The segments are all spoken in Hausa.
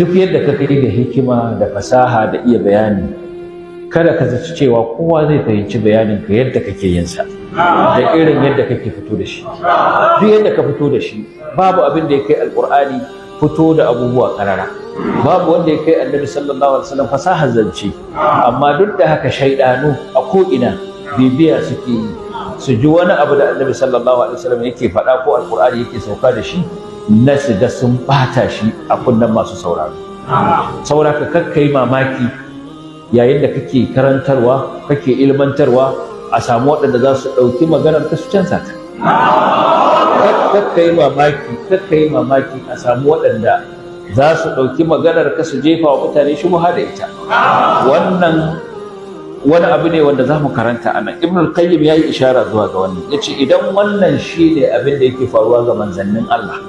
duk yadda ka kai da hikima da fasaha da iya bayani kada ka zaci cewa kowa zai fahimci bayanin ka yadda kake yin sa da irin yadda kake fito da shi duk yadda ka fito da shi babu abin da ya kai alqur'ani fito da abubuwa karara babu wanda ya kai annabi sallallahu alaihi wasallam fasaha zance amma duk da haka shaidanu a ko ina bibiya suke yi su ji wani abu da annabi sallallahu alaihi wasallam yake faɗa ko alqur'ani yake sauka da shi na shiga sun bata shi a kunnen masu sauraro saboda ka kakkai mamaki yayin da kake karantarwa kake ilmantarwa a samu waɗanda za su ɗauki maganar ka su canza ta kakkai mamaki kakkai mamaki a samu waɗanda za su ɗauki maganar ka su jefa wa mutane shi da ita wannan wani abu ne wanda za mu karanta anan al qayyim ya yi ishara zuwa ga wannan ya ce idan wannan shi ne abin da yake faruwa ga manzannin Allah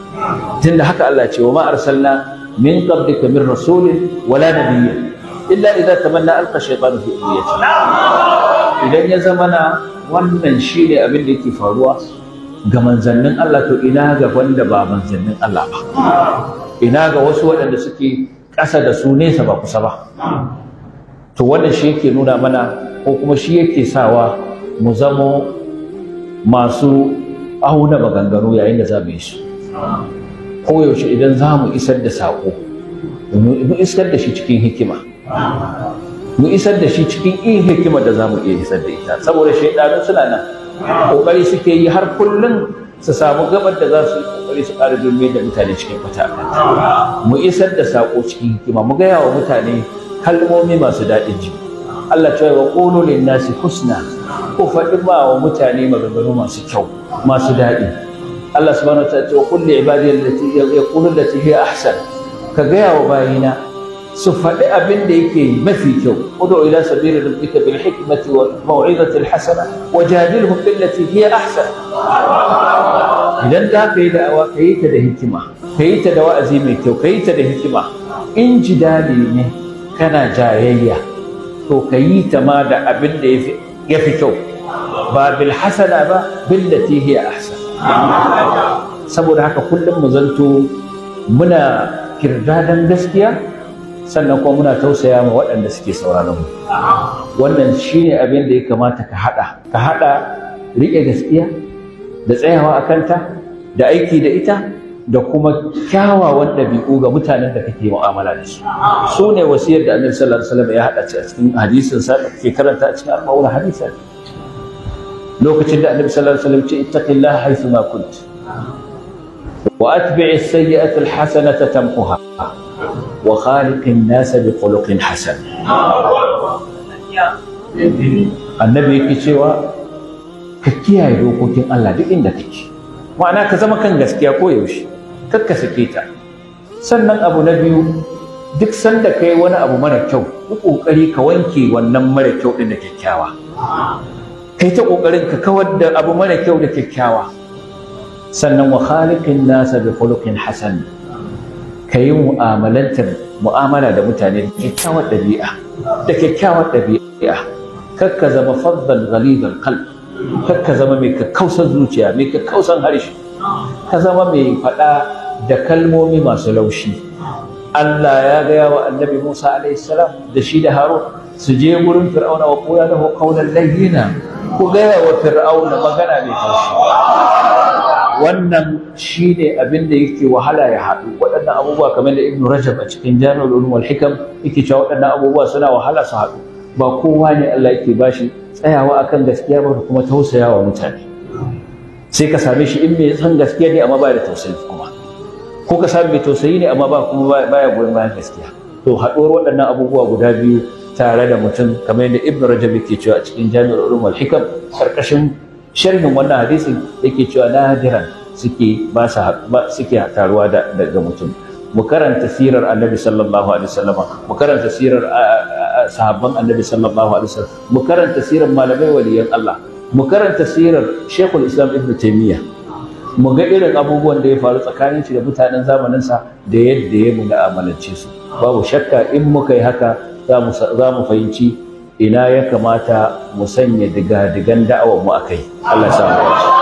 tunda haka Allah ce wa ma arsalna min qablika min rasulin wala nabiyyin illa idza tamanna alqa shaytanu fi umniyati idan ya na wannan shi ne abin da yake faruwa ga manzannin Allah to ina ga wanda ba manzannin Allah ba ina ga wasu waɗanda suke ƙasa da su nesa ba kusa ba to wannan shi yake nuna mana ko kuma shi yake sawa mu zamo masu auna maganganu yayin da za mu yi su koyaushe idan za mu isar da saƙo mu isar da shi cikin hikima mu isar da shi cikin iya hikima da za mu iya isar da ita saboda shaidanu suna nan kokari suke yi har kullum su samu gabar da za su yi kokari su ƙara da mutane cikin fata mu isar da saƙo cikin hikima mu gaya wa mutane kalmomi masu daɗin ji Allah cewa wa qulu lin nasi husna ku faɗi ba wa mutane maganganu masu kyau masu daɗi Allah subhanahu wataala ce wa qul li ibadi allati yaqulu allati hiya ahsan ka gaya wa bayina su faɗi abin da yake mafi kyau udu ila sabili rabbika bil hikmati wal maw'izati al hasana wajadilhum billati hiya ahsan idan za ka yi da'awa ka yi ta da hikima ka yi ta da wa'azi mai kyau ka yi ta da hikima in ji daɗi ne kana jayayya to ka yi ta ma da abin da ya fi kyau ba bil hasana ba billati hiya ahsan saboda haka kullum mu zanto muna kirdadan gaskiya sannan kuma muna tausaya ma waɗanda suke sauraron mu wannan shine abin da ya kamata ka haɗa ka haɗa riƙe gaskiya da tsayawa a kanta da aiki da ita da kuma kyawawan ɗabi'u ga mutanen da kake mu'amala da su su ne wasiyar da annabi sallallahu alaihi wasallam ya haɗa ci a cikin hadisin sa ke karanta a cikin arba'un hadisa lokacin da annabi sallallahu alaihi wasallam ce ittaqillaha haythu ma kunt wa atbi'i as-sayyi'ata al-hasanata tamquha wa khaliqin nasa bi khuluqin hasan annabi yake cewa ka kiyaye dokokin Allah duk inda kake ma'ana ka zama kan gaskiya ko yaushe kakka sake ta sannan abu na biyu duk sanda kai wani abu mara kyau ku ƙoƙari ka wanke wannan mara kyau din da kyakkyawa kai ta ƙoƙarin ka kawar da abu mara kyau da kyakkyawa sannan wa khaliqin nasa bi khuluqin hasan yi mu'amalantar mu'amala da mutane da kyakkyawar ɗabi'a. da kyakkyawar ɗabi''a kakka zama faddan ghalidal qalb kakka zama mai kakkausan zuciya mai kakkausan harshe ka zama mai faɗa da kalmomi masu laushi Allah ya gaya wa annabi Musa alaihi da shi da Harun su je gurin Fir'auna wa qula da qawlan layyina ku gaya wa Fir'auna magana mai taushi wannan shine abin da yake wahala ya haɗu waɗannan abubuwa kamar da ibnu Rajab a cikin Jami'ul Ulum wal Hikam yake cewa waɗannan abubuwa suna wahala su haɗu ba kowa ne Allah yake bashi tsayawa akan gaskiya ba da kuma tausayawa mutane sai ka same shi in mai san gaskiya ne amma ba da tausayi kuma ko ka sami mai tausayi ne amma ba kuma baya goyon bayan gaskiya to haɗuwar waɗannan abubuwa guda biyu tare da mutum kamar yadda ibn rajab yake cewa a cikin jami'ar ulum wal hikam karkashin sharhin wannan hadisin yake cewa nadiran suke ba su suke taruwa daga mutum mu karanta sirar annabi sallallahu alaihi wasallam mu karanta sirar sahabban annabi sallallahu alaihi wasallam mu karanta sirar malamai waliyan Allah mu karanta sirar shekul islam ibn taymiyyah mu ga irin abubuwan da ya faru tsakanin shi da mutanen zamaninsa da yadda ya mu'amalance su babu shakka in muka yi haka za mu fahimci ina ya kamata mu sanya diga-digan da'awar mu a kai? Allah ya samu